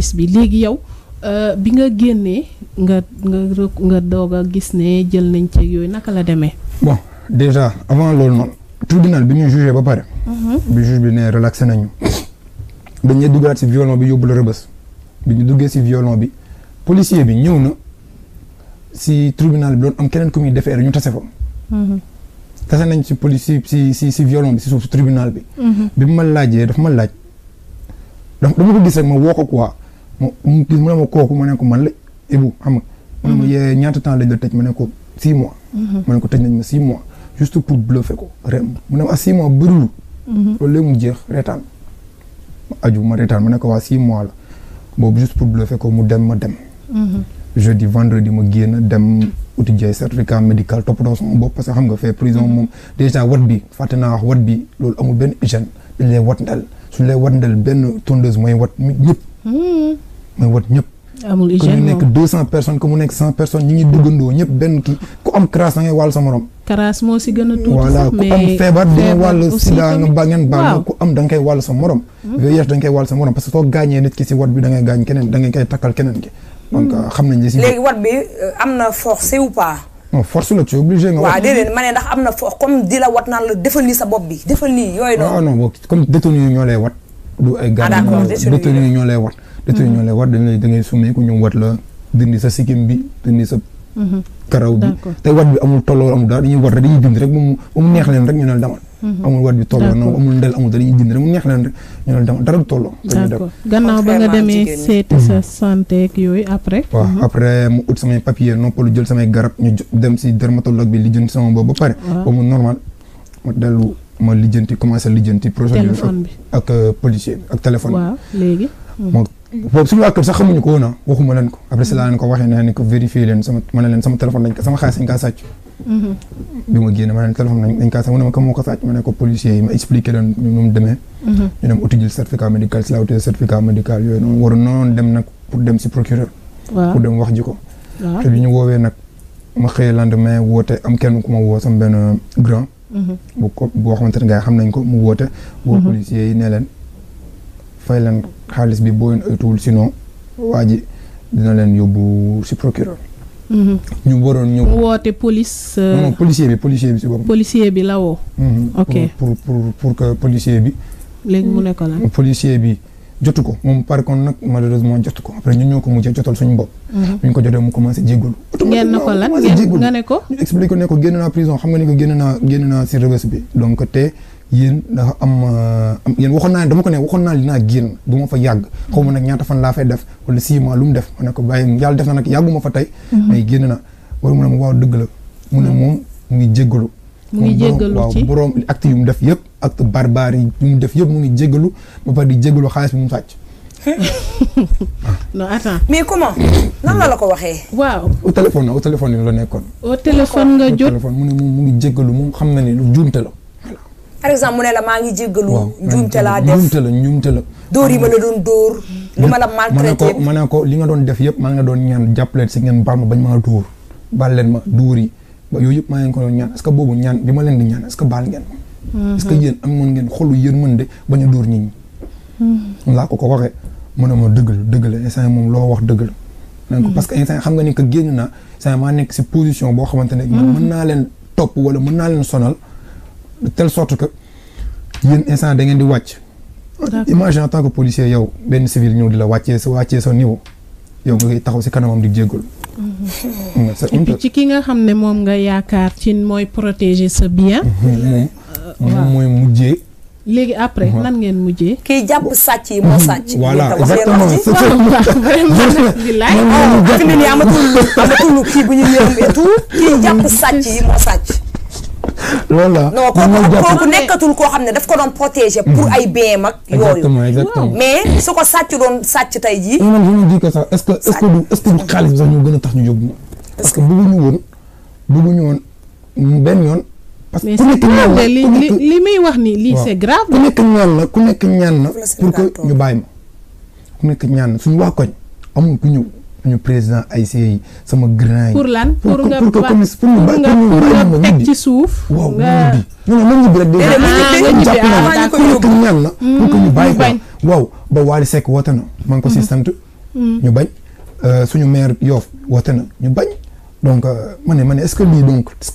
xaalis bi léegi yow euh, bi nga génnee nga nga nga doog a gis ne jël nañ ci yooyu naka la demee. bon déjà avant loolu noonu tribunal bi muy jugé ba pare. Mhm. bi juge bi ne relaxé nañu. dañ lay duggaat si violon bi yóbbu la rëbës bi ñu duggee si violon bi policier bi ñëw na si tribunal bi doon am keneen ku muy defee rek ñu tase fa. Mhm. tase nañ si policier si si si violon bi si suuf tribunal bi. Mhm. bi ma laajee daf ma laaj. dama ko gis rek ma woo ko mu mu gis mu ma kooku ma ko la Ibou xam nga. ne ma mhm. yee ñaata temps lañ la tëj ma ne ko 6 mois. ma mhm. ne ko tëj nañ ma 6 mois juste pour bluffé ko ren mu ne ma ah 6 mois bëriwul. Mhm. loolu léegi mu jeex reetaan ma aju ma reetaan ma ne ko waa 6 mois la boobu juste pour bluffé ko mu dem ma dem. jeudi vendredi ma génn dem uti jaay certificat médical toppatoo sama bopp parce que xam nga fee prison moom déjà wat bi fàtte naa wax wat bi loolu amul benn hygiène dañ lay wat wat ndel benn tondeuse mooy wat ñëpp. mais wat ñëpp. amul hygiène ku nekk deux cent personnes mu nekk cent personnes ñi ngi duggandoo ñëpp benn a tuuti. feebar di nga wàll sida nga ba ngeen baal ku sa morom. VIH koy wàll sa morom parce que soo gaañee nit ki bi da ngay gaañ keneen da ngay koy takkal hmm. xam nañ li si. léegi wat euh, am na forcé ou pas. non la tu es obligé nga. waaw déedéet ma ne ndax am na fo comme di la wat naan la defal nii sa bopp bi defal nii yooyu. non comme détenu ñoo lay wat. du ay gaañ ah, détenu yi ñoo lay wat te ñoo lay war dañ lay da ngay summeeku ñu wat la dindi sa sikkim bi dindi sa mhm. karaw bi te wat bi amul tolloo amul daal dañuy wat rek dindi rek mu neex leen rek ñu ne demal mhm. amul wat bi tolloo na amul ndel amul dañuy dindi rek mu neex leen rek ñu ne demal dara du tolloo d'accord gannaaw ba nga demee seeti sa mhm. santé ak yooyu après mu ut samay papier noppalu jël samay garab ñu dem si dermatologue bi lijjanti sama boobu ba pare ba mu normal mu dellu ma lijjanti commencé lijjanti procédure ak euh, policier bi ak téléphone bi waaw léegi boobu suñu waa kër sax xamuñu ko woon ah waxuma leen ko après si laa leen ko waxee ne ko vérifier leen sama ma ne leen sama téléphone dañ ko sama xaalis dañ kaa sàcc. Mhm. bi ma génne ma ne leen téléphone dañ kaa sàcc mu ne ma kam moo ko sàcc ma ne mhm. nag pour dem si procureur. pour dem wax ji ko. bi ñu woowee nag ma xëyee lendemain woote am kenn ku woo sama benn grand. Mhm. boo xamante xam nañ ko mu woote. woo policier yi ne leen fay leen xaalis bi boo leen oytuwul sinon waa ji dina leen yóbbu si procureur. Mm-hmm. ñu waroon ñëw. woote police. Euh, policier bi policier bi si boppam. policier bi la woo. Mm-hmm. ok pour pour pour que bi. léegi mu nekk lan. policier bi jotu ko moom par contre nag malheureusement jotu ko après ñun ñoo ko mujjee jotal suñu bopp. Mm-hmm. bu ñu ko jotee mu commencé jéggalu. automatiquement ko lan nga ne ko. ñu expliqué ko ne génn naa prison xam nga ni ko génn naa si rëbës bi donc te. yéen dafa am am yéen waxoon naa ne ko ne waxoon naa dinaa génn du ma fa yàgg xaw ma nag ñaata fan laa fay def wala six lu mu def ma ne ko bàyyi yàlla def na yàggu ma fa tey mais mhm. génn na wala mu ne la mu ne mu mhm. mu ngi jéggalu waaw borom acte yu mu def yëpp acte barbare yi yu mu def yëpp mu ngi jéggalu ba pare di jéggalu xaalis bi mu sàcc non la la ko waxee waaw au téléphone au téléphone yi la nekkoon au téléphone nga jot mu ne moom mu ngi jéggalu moom xam na ne lu juumte la par exemple la maa ngi jéggalu. njuumte laa def njuumte la njuumte la. dóor yi ma la doon dóor. li ma la maltraité ma ko li nga doon def yëpp maa ngi doon ñaan jàppale si ngeen baal ma bañ maa dóor baal maa ngi ko doon ñaan est boobu ñaan bi ma leen di ñaan est-ce que baal ngeen mm-hmm. est-ce que yéen am moon ngeen xolu yéen mën de bañ a mm-hmm. ko ko waxee mu ne dëgg la dëgg la instant moom loo wax dëgg la. donc parce que mm-hmm. instant xam nga ni que génn naa instant maa nekk si position boo xamante ne. mën naa leen topp wala mën naa leen sonal de telle que yéen instant da ngeen di wàcc. imagine en tant que policier yow benn civil ñoo di la wàccee sa wàccee sa niveau yow nga taxaw si kanamam di jéggul mhm. et ci ki nga xam ne moom nga yaakaar ci mooy protéger sa bien. Mhm. Euh, moom mooy mujjee. léegi après nan mhm. ngeen mujjee. kii jàpp sàcc yi moo sàcc. kii jàpp sàcc yi moo sàcc. loolu la non kooku nekkatul koo xam ne daf ko doon protéger pour mm. ay bien mag yooyu mm. mais su ko sàcc doon sàcc tey jii man je me dis que sax est est du xaalis bi sax ñoo gën a tax ñu yóbbu parce que bëgguñu woon bëgguñu woon benn yoon parce que ku nekk ñaan la li wax ni lii c'est grave ku nekk ñaan la ku ñaan na pour que ñu bàyyi ma ku nekk ñaan na suñu wax koñ amul ku ñëw ñu président ay yi sama grand yi. pour lan pour nga pour nga teg ci suuf. waaw nga ñu ne nañ ñibbi la. pour que ñu bàyyi ko mm-hmm. waaw ba Waly Seck woote na. maa ngi ko si mm-hmm. sant. Mm-hmm. ñu bañ euh, suñu maire Yoff woote na ñu bañ. donc euh, man ne man ne est-ce que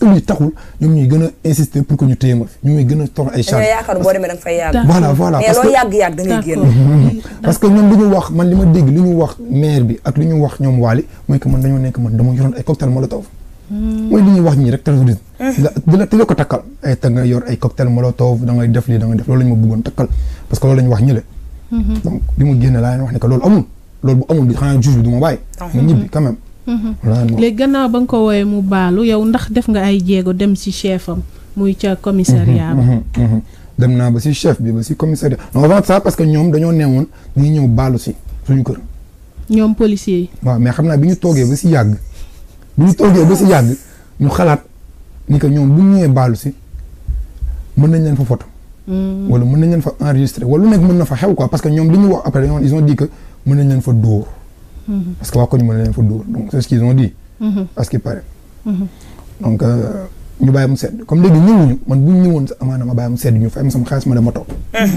lii taxul ñoom ñuy gën a insister pour que ñu téye ma ñu ngi gën a toll ay charge mais loo yàgg yàgg da génn parce que ñoom li ñu wax man li ma dégg li ñu wax maire bi ak lu ñu wax ñoom waali mooy que man dañoo nekk man dama yoroon ay cocktail molotov hmm. mooy li ñii rek terrorisme hmm. ko takkal ay eh, te nga yor ay cocktail molotov da ngay def lii da ngay def loolu la ñu ma bëggoon takkal parce que loolu la ñu wax ñi hmm. donc bi mu génn laa leen wax ne que loolu amul loolu bu amul bi xanaa juge bi du Mm-hmm. léegi gannaaw ba nga ko woowee mu baalu yow ndax def nga ay jéego dem ci chef am muy ca commissariat ba mm-hmm. Mm-hmm. dem naa ba ci chef bi ba ci commissariat non avant ça parce que ñoom dañoo neewoon dañuy ñëw baalu si suñu kër. ñoom policiers yi. waaw mais xam naa bi ñu toogee ba ci yàgg bi ñu toogee ba ci yàgg ñu xalaat ni que ñoom bu ñu ñëwee baalu si mën nañ leen fa foto wala mën nañ leen fa enregistré wala lu nekk mën na fa xew parce que ñoom li ñu wax après ils ont dit mën nañ leen fa dóor. Mm-hmm. parce que waa koñ mën na leen fa dóor donc c'est ce qu'ils ont dit. parce mm-hmm. qu'il paraît. Mm-hmm. donc euh, ñu bàyyi mu sedd comme léegi ñëwuñu man bu ñu ñëwoon amaana ma bàyyi mu sedd ñu fay ma sama xaalis ma dem ma toog.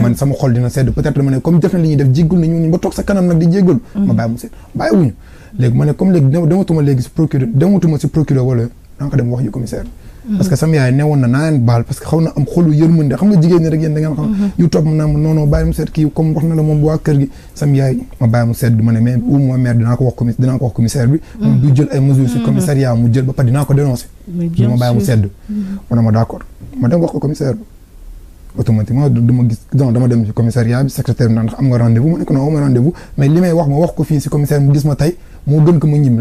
man sama xol dina sedd peut-être ma ne comme def na li ñuy def jéggul nañu ñu ba toog sa kanam nag di jéggalu. ma bàyyi mu sedd bàyyiwuñu léegi ma ne comme léegi dematuma léegi si procureur dematuma si procureur wala danga ko dem wax ji commissaire bi. parce que sama yaay newoon na naa leen baal parce que xaw na am xolu yërmande xam nga jigéen ñi rek yéen da ngeen xam mhm. yu topp naa ma non mu seet kii comme wax ma bàyyi mu seet dinaa ko wax ko wax bi moom jël ay mesures si mhm. commissariat mu jël ba pare dinaa ko dénoncer ma bàyyi mu sedd ma mhm. ne ma d'accord ma dem wax ko commissaire automatiquement du ma gis non dama dem ci commissariat bi secrétaire bi ndax am nga rendez-vous mu ne ko non ma rendez-vous mais li may wax ma wax ko fii ci commissaire mu gis ma tey moo gën ko mu ne mu ñëw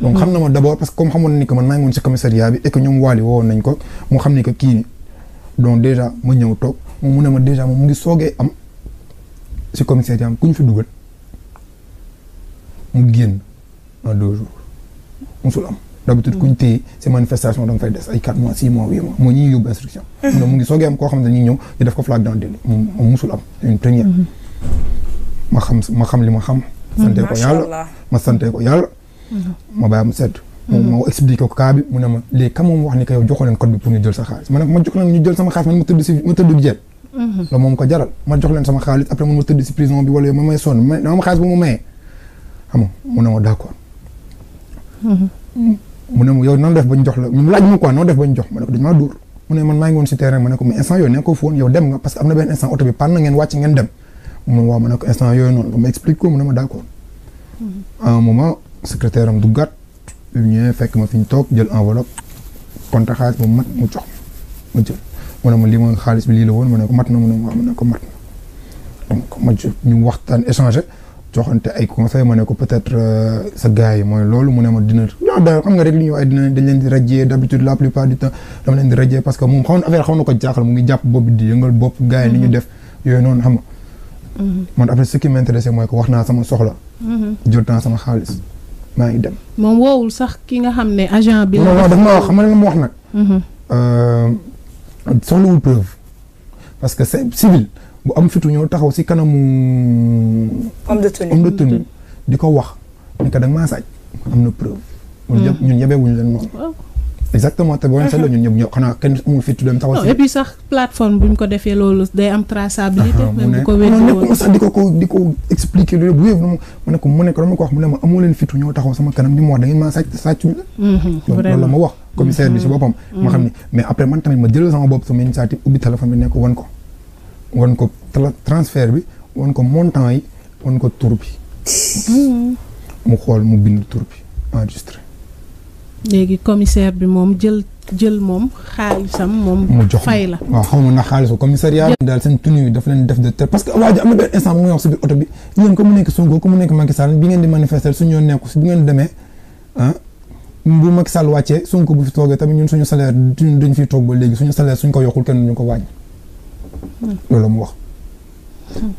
donc ngi woon ci commissariat bi ñoom waali woowoon nañ ko mu xam ni que kii donc déjà ma ñëw toog moom mu ne ma déjà moom mu ngi soogee am si commissariat am ku ñu fi dugal mu génn en deux jours musul am d'habitude kuñ téye si manifestation da nga fay des ay 4 xam ne moom musul ma xam li ma xam sante ko yàlla ma sante ko yàlla ma bàyyi mu sedd moom moo ko cas mu ne ma léegi ka moom wax ni que yow joxoo sa xaalis ma ne ma jox leen sama xaalis ma tëdd si ma sama xaalis après man ma tëdd si prison bi wala yow ma may sonn ma am xaalis bu ma mayee xam nga mu ma d'accord mu ne mu yow noonu def ba bañ jox la mu laaj mu quoi noonu def bañ jox ma ne ko dañ maa dóor mu man maa ngi woon si terrain ma ne ko mais instant yooyu nekkoo fóon yow dem nga parce que am na benn instant oto bi panne na ngeen mu waaw ma ne ko instant yooyu mu mm-hmm. fekk ma fi ñu toog jël enveloppe compte xaalis bu mat mu jox ma jël mu ne ma lii mooy xaalis bi lii la woon ma ne ko mat na mu ne waaw ma ko mat na donc ma ñu waxtaan échanger joxante ay conseil ma ne ko euh, sa gars yi loolu mu ne ma dina da xam nga rek dina dañ leen di rajee d'habitude la plupart du temps dama leen di rajee parce que moom xaw na affaire xaw na ko jaaxal mu ngi jàpp bopp di yëngal ñu mm-hmm. def yooyu noonu xam nga mm-hmm. man après ce qui m'intéressait mooy ko wax naa sama soxla mm-hmm. jot naa sama xaalis maa ngi dem moom woowul sax ki nga xam ne agent bi non ma wax xam la ma wax nag euh, soxlawul preuve parce que civil bu am fitu ñëw taxaw si kanamu. homme de tenue di ko wax ni ko da nga maa saaj am na preuve. ñun ñëpp hmm. ñun yebewuñu leen noonu. ko defee loolu day am traçabilité. même mu ne ko mu ne ko dama ko wax mu ne ma amoo leen fitu ñoo taxaw sama kanam di ma wax da ngeen maa sàcc sàccuñ mhm, la. loolu ma wax. commissaire bi si mhm. boppam. ma xam ni mhm. mais après man tamit ma jëlal sama bopp sama initiative ubbi téléphone bi ne ko ko. wan ko transfert bi wan ko montant yi won ko tur bi. mu xool mu bind tur bi enregistré. léegi commissaire bi moom jël jël moom xaalisam moom. mu jox fay la waaw xaw ma na xaalisu commissariat. daal seen tenue yi leen def de telle parce que waa ji am na benn instant mu ngi wax ko mu nekk Sonko bi ngeen di manifester suñu yoon nekku si bi ngeen demee ah bu Macky Sall wàccee bu fi toogee tamit ñun suñu salaire duñ fi toog ba léegi suñu salaire suñ ko yokkul kenn duñu ko wàññi. loolu mu wax.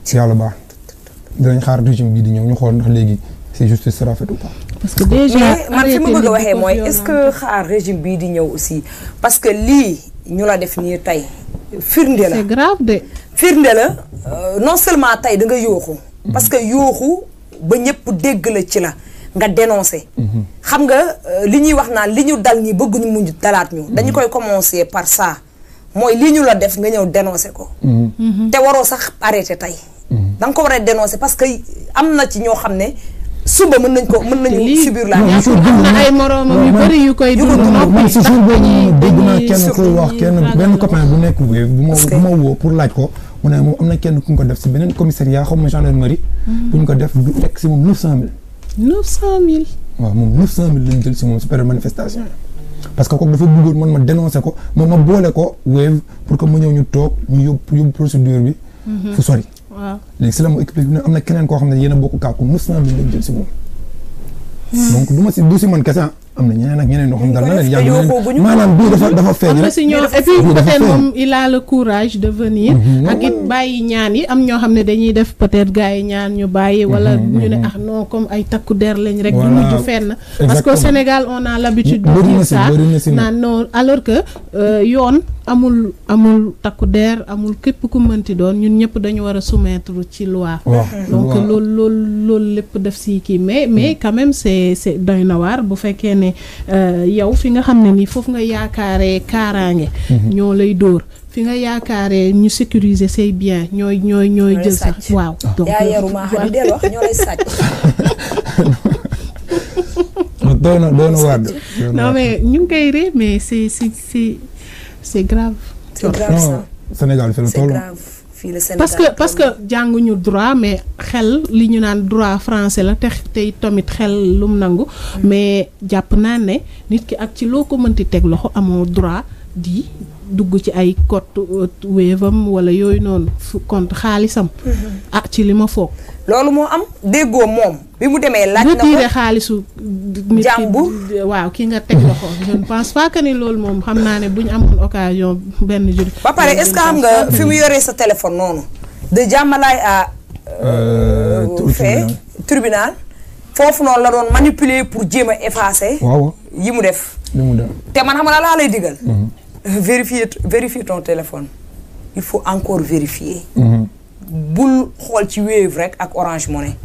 si yàlla baax dinañ xaar régime bii di ñëw ñu xool ndax léegi si justice sera faite ou parce que déjà man fi ma bëgg a waxee mooy est que xaar régime bii di ñëw aussi parce que lii ñu la def nii tey firnde la firnde la euh, non seulement tey da nga yooxu parce que yooxu ba ñëpp dégg la ci la nga dénoncé. Mhm. xam nga euh, li ñuy wax naan li ñu dal ñi bëgguñu mu dalaat ñu. dañu mhm. koy commencer par ça. mooy lii ñu la def nga ñëw dénoncé ko. Mm-hmm. te waroo sax arrêté tey. Mm-hmm. da nga ko war a dénoncé parce que am na ci ñoo xam ne suba mën nañ ko mën nañu na ay moroomam yu bëri yu koy. dund man si jour kenn ku benn copain bu nekk pour laaj ko. mu ne moom am na kenn ku ñu ko def si beneen commissariat xaw ma gendarmerie. Mm-hmm. bu ñu ko def du fekk si moom 900000. 900000. waaw moom 900000 lañ jël si moom si manifestation. parce que kooku dafa bëggoon man ma dénoncé ko man ma boole ko wave pour que mu ñëw ñu toog ñu yóbbu yóbbu procédure bi. Mhm. fu sori. léegi si la ma expliqué am na keneen koo xam ne yéen a bokk kàkku mës naa bi jël si moom. Mhm. donc du si man kese ah. am na ñeneen ak ñeneen ñoo xam na leen yàgg maanaam bii dafa moom il a le courage de venir mm-hmm. ak it bàyyi ñaan yi am ñoo xam ne dañuy def peut-être ñaan ñu bàyyi wala mm-hmm, ñu ne mm-hmm. ah non comme ay takku der lañ rek du mujj fenn parce que on a l'habitude de dire ça naan non alors que euh, yoon amul amul takku deer amul képp ku mënti doon ñun ñëpp dañu war a soumettre ci loi lool lool lépp def si kii mais mais hmm. quand même c'est c'est na waar bu fekkee ne euh, yow fi nga xam ne nii foofu nga yaakaaree kaaraange hmm. ñoo lay dóor fi nga yaakaaree ñu sécuriser say bien ñooy ñooy ñooy jël sax waaw ñu ngi koy mais c'est c'est c'est grave. c'est grave Sénégal fi fii la Sénégal parce que parce que jànguñu droit mais xel li ñu naan droit français la te tey tamit xel lum nangu. Mm. mais jàpp naa ne nit ki ak ci loo ko mënti teg loxo amoo droit di. dugg ci ay code euh, wave am wala yooyu noonu fu compte xaalisam. Mhm. ah ci li ma foog. loolu moo am déggoo moom. bi mu demee laaj xaalisu. jàmbu waaw ki nga teg loxo je ni loolu moom xam naa ne bu ñu amoon benn jour. ba pare est-ce que xam nga euh, fi mu yoree sa téléphone noonu. de jàmmalaay à. Euh, tribunal tribunal. foofu noonu la doon manipuler pour jéem a effacer. waaw yi mu def. li te man xam nga laa lay digal. Mhm. vérifier vérifier ton téléphone il faut encore vérifier. Mhm. bul xool ci Wave rek ak orangement Money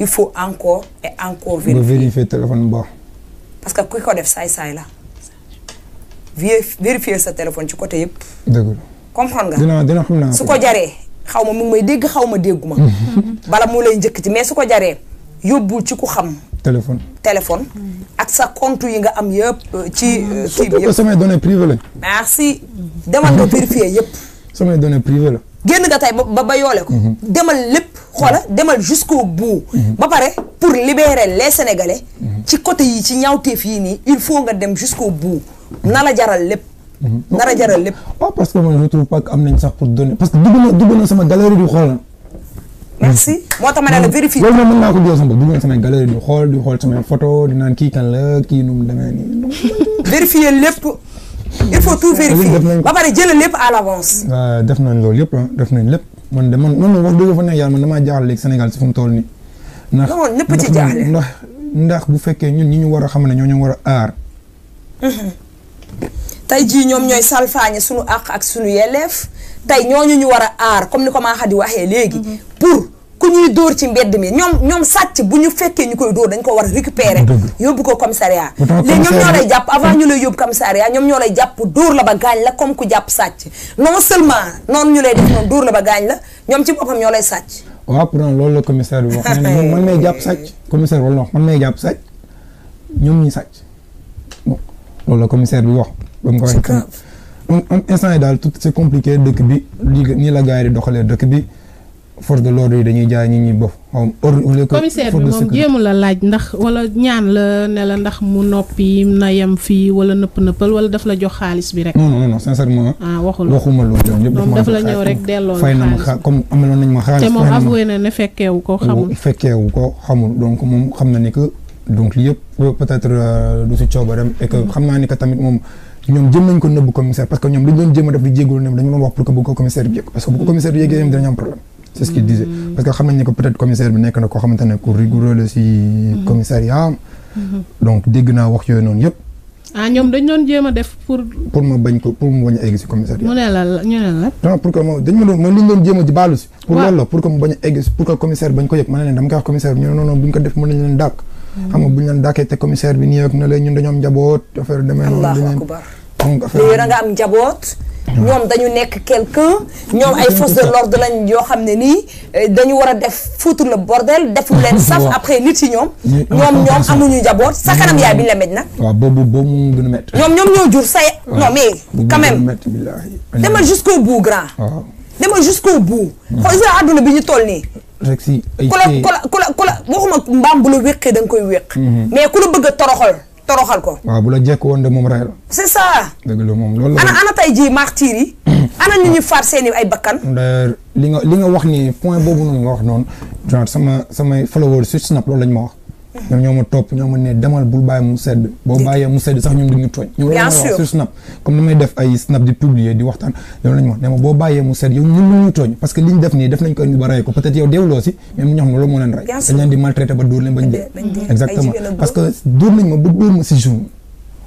il faut encore et encore vérifier. téléphone boo. parce que ku ko def saay-saay la. vérifier sa téléphone ci côté yëpp. dëgg la comprendre su ko jaree xaw ma mu ngi dégg xaw ma déggu ma. Mhm. bala mu lay njëkk ci mais su ko jaree yóbbul ci ku xam. téléphone téléphone mm-hmm. ak sa compte yi nga am yëpp euh, ci mm-hmm. euh, kii bi yëpp samay données privées la merci demal nga vérifier yëpp samay données privées la génn nga tey ba ba yoole ko mm-hmm. demal lépp xoola demal jusqu'au bout ba pare pour libérer les sénégalais ci côté yi ci ñaawteef yii nii il faut nga dem jusqu'au bout na la jaral lépp na la jaral lépp waaw ah, parce que man je trouve pas que am nañ sax pour donner parce que dugg na dugg na sama galerie du xoolal moo tax ma ne la vérifié. loolu moom mën naa ko jël sama bopp du ñu samay galerie di xool di xool samay photo di naan kii kan la kii nu mu demee nii. vérifier def nañ loolu yëpp ah def nañ lépp man de man man wax dëgg fa nekk yàlla man damaa jaaxle léegi Sénégal si fu mu toll nii. ndax ñëpp ci jaaxle ndax ndax bu fekkee ñun ñu war a xam ne ñoo ñu war a aar. Mhm. tey jii ñoom ñooy salfaañe suñu àq ak suñu yelleef tey ñooñu ñu war a aar comme ni ko maa xa di waxee léegi mhm. ku ñuy dóor ci mbedd mi ñoom ñoom sàcc bu ñu fekkee ñu koy dóor dañ ko war a récupérer yóbbu ko commissariat léegi ñoom ñoo lay jàpp avant ñu lay yóbbu commissariat ñoo lay jàpp dóor la ba gaañ la comme ku jàpp sàcc non seulement noonu ñu lay la ba gaañ la ñoom ci boppam ñoo lay sàcc loolu la commissaire bi wax nee na moom man may jàpp sàcc commissaire wala wax man may jàpp sàcc ñoom ñi sàcc loolu la commissaire bi wax ba mu ko waxee instant daal tout c'est compliqué dëkk bi nii la gars yi di doxalee dëkk bi force de l'ordre yi dañuy jaay ñi ñuy bof. commissaire bi moom jéemu la laaj ndax wala ñaan la ne la ndax mu noppi na yem fii wala nëpp nëppal wala daf la jox xaalis bi rek. moom ah, daf la ñëw rek delloo fay na ma xaalis comme amaloon nañ ma xaalis. te moom avoué ko xamul. fekkeewu ko moom xam na ni que donc li yëpp euh, mm. naa ni nëbb commissaire parce que ñoom li doon jéem a di jégalu ne dañu doon wax pour que bu ko commissaire bi yëg parce que bu ko mm. commissaire bi yëgee dañu am problème c'est ce qu'il disait parce que xam ne que peut-être commissaire bi nekk na koo xamante ku rigoureux la si mhm. commissariat mhm. donc dégg naa wax yooyu noonu yëpp. ah ñoom dañ doon jéem a baalu si. pour loolu pour que mu bañ a egg si pour que commissaire bañ ko yëg ma ne leen dama koy wax commissaire bi ñu ne non non buñ ko def mën nañ leen dàkk. Mhm. xam nga buñ leen dàkkee te commissaire bi nii ak na la ñun am njaboot affaire demee noonu. allahu am njaboot. ñoom dañu nekk quelque ñoom ay forces de l'ordre lañ yoo xam ne nii eh, dañu war a def foutre la bordel defu leen saf après nit yi ñoom ñoom ñoom amuñu sa kanam yaay bi ñu la met nag waaw boobu boobu mu gën a métti ñoom ñoom ñoo jur say non mais quand même demal jusqu'au bout grand demal jusqu'au bout xool sa ñu toll nii rek si ku la ku la ku la waxuma mbaam bu la wéqee da nga koy wéq mm-hmm. mais ku la bëgg a toroxal ko. waaw bu la jekk woon de moom rey la. c'est ça. dëgg moom loolu la. ana ana tey jii martyr yi. ana nit ñi faat seeni ay bakkan. li nga li nga wax ni point boobu noonu nga wax noonu genre sama samay followers sur Snap loolu lañ ma wax. ñoom ñoo ma topp ñoo ma demal bul bàyyi mu sedd boo bàyyee mu sedd sax ñun duñu ñu wax sur snap comme ni may def ay snap di publier di waxtaan loolu lañu wax ne boo bàyyee mu sedd yow ñun duñu tooñ parce que liñ def nii def nañ ko indi ba rey ko peut yow deewuloo si mais loolu moo leen rey dañ di maltraité ba dóor leen bañ dee exactement parce que dóor nañ ma ba dóor ma si jour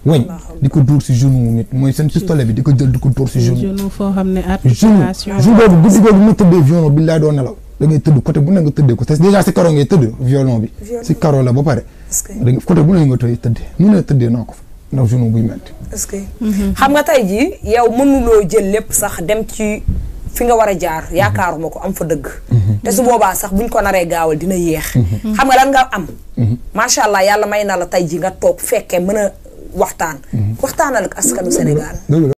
wañ di ko dóor si genou nit mooy seen pistolet bi di ko jël di ko dóor si genou genou foo da ngay tëdd côté bu ne nga tëddee ko te déjà si karo ngay tëdd violon bi. si karo la ba pare. est bu ne nga tooy tëddee nu ne tëddee naa ko fa ndax genou buy metti. est mm-hmm. xam nga tey jii yow mënuloo jël lépp sax dem ci fi nga war a jaar yaakaaruma ko am fa dëgg. Mm-hmm. su boobaa sax buñ ko naree gaawal dina yéex. Mm-hmm. xam nga lan nga am. macha allah yàlla may na la tey jii nga toog fekkee mën a waxtaan. waxtaanal ak askanu Sénégal.